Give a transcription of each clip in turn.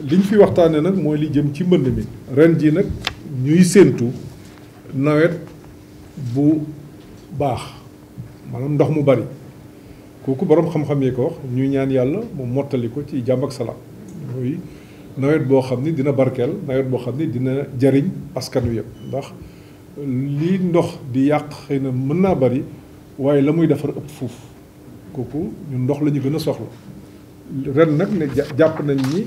li ñu fi waxtaanee nag mooy li jëm ci mbënd mi ren jii nag ñuy séentu nawet bu baax maanaam ndox mu bari kooku boroom xam-xam yi ko wax ñuy ñaan yàlla mu mottali ko ci jàmbak ak salaam nawet boo xam ni dina barkeel nawet boo xam ni dina jariñ askan wi yëpp ndax lii ndox di yàq xëy na mën naa bari waaye la muy defar ëpp fuuf kooku ñun ndox la ñu gën a soxla ren nag ne jàpp nañ ni.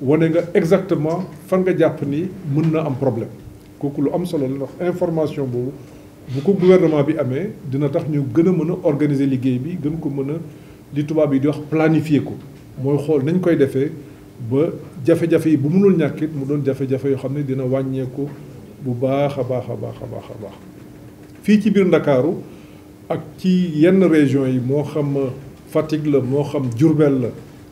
wane nga exactement fan nga jàpp ni mën na am problème kooku lu am solo la ndax information boobu bu ko gouvernement bi amee dina tax ñu gën a mën a organiser liggéey bi gën ko mën a li tubaab yi di wax planifier ko mooy xool nañ koy defee ba jafe-jafe yi bu mënul ñàkkit mu doon jafe-jafe yoo xam ne dina wàññeeku bu baax a baax a baax a baax baax fii ci biir Ndakaaru ak ci yenn région yi moo xam Fatick la moo xam jurbeel la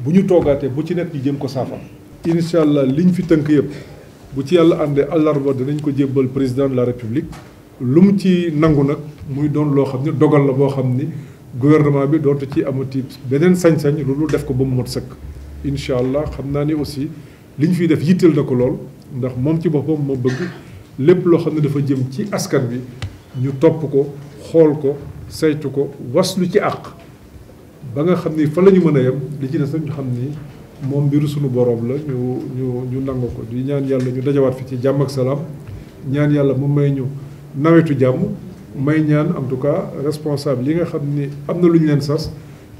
bu ñu toogaatee bu ci nekk ñu jëm ko saafara. incha li ñu fi tënk yëpp bu ci yàlla àndee àllarba dinañ ko jébbal président la république lu mu ci nangu nag muy doon loo xam ne dogal la boo xam ni gouvernement bi dootu ci amati beneen sañ-sañ loolu def ko ba mu mot sëkk. incha allah xam naa ni aussi li ñu fiy def yitteel na ko lool ndax moom ci boppam moo bëgg lépp loo xam ne dafa jëm ci askan bi ñu topp ko xool ko saytu ko waslu ci àq. ba nga xam ni fa la ñu mën a yem li ci des nag ñu xam ni moom mbiru sunu boroom la ñu ñu ñu nangu ko di ñaan yàlla ñu dajawaat fi ci jàmm ak salaam ñaan yàlla mu may ñu nawetu jàmm may ñaan en tout cas responsable yi nga xam ni am na lu ñu leen sas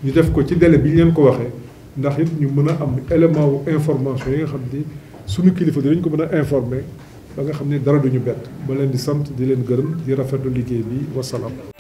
ñu def ko ci délai bi ñu leen ko waxee ndax it ñu mën a am élément wu information yi nga xam ni sunu kilifa dinañ ko mën a informer ba nga xam ni dara duñu bett ba leen di sant di leen gërëm di rafetlu liggéey bi wasalaam.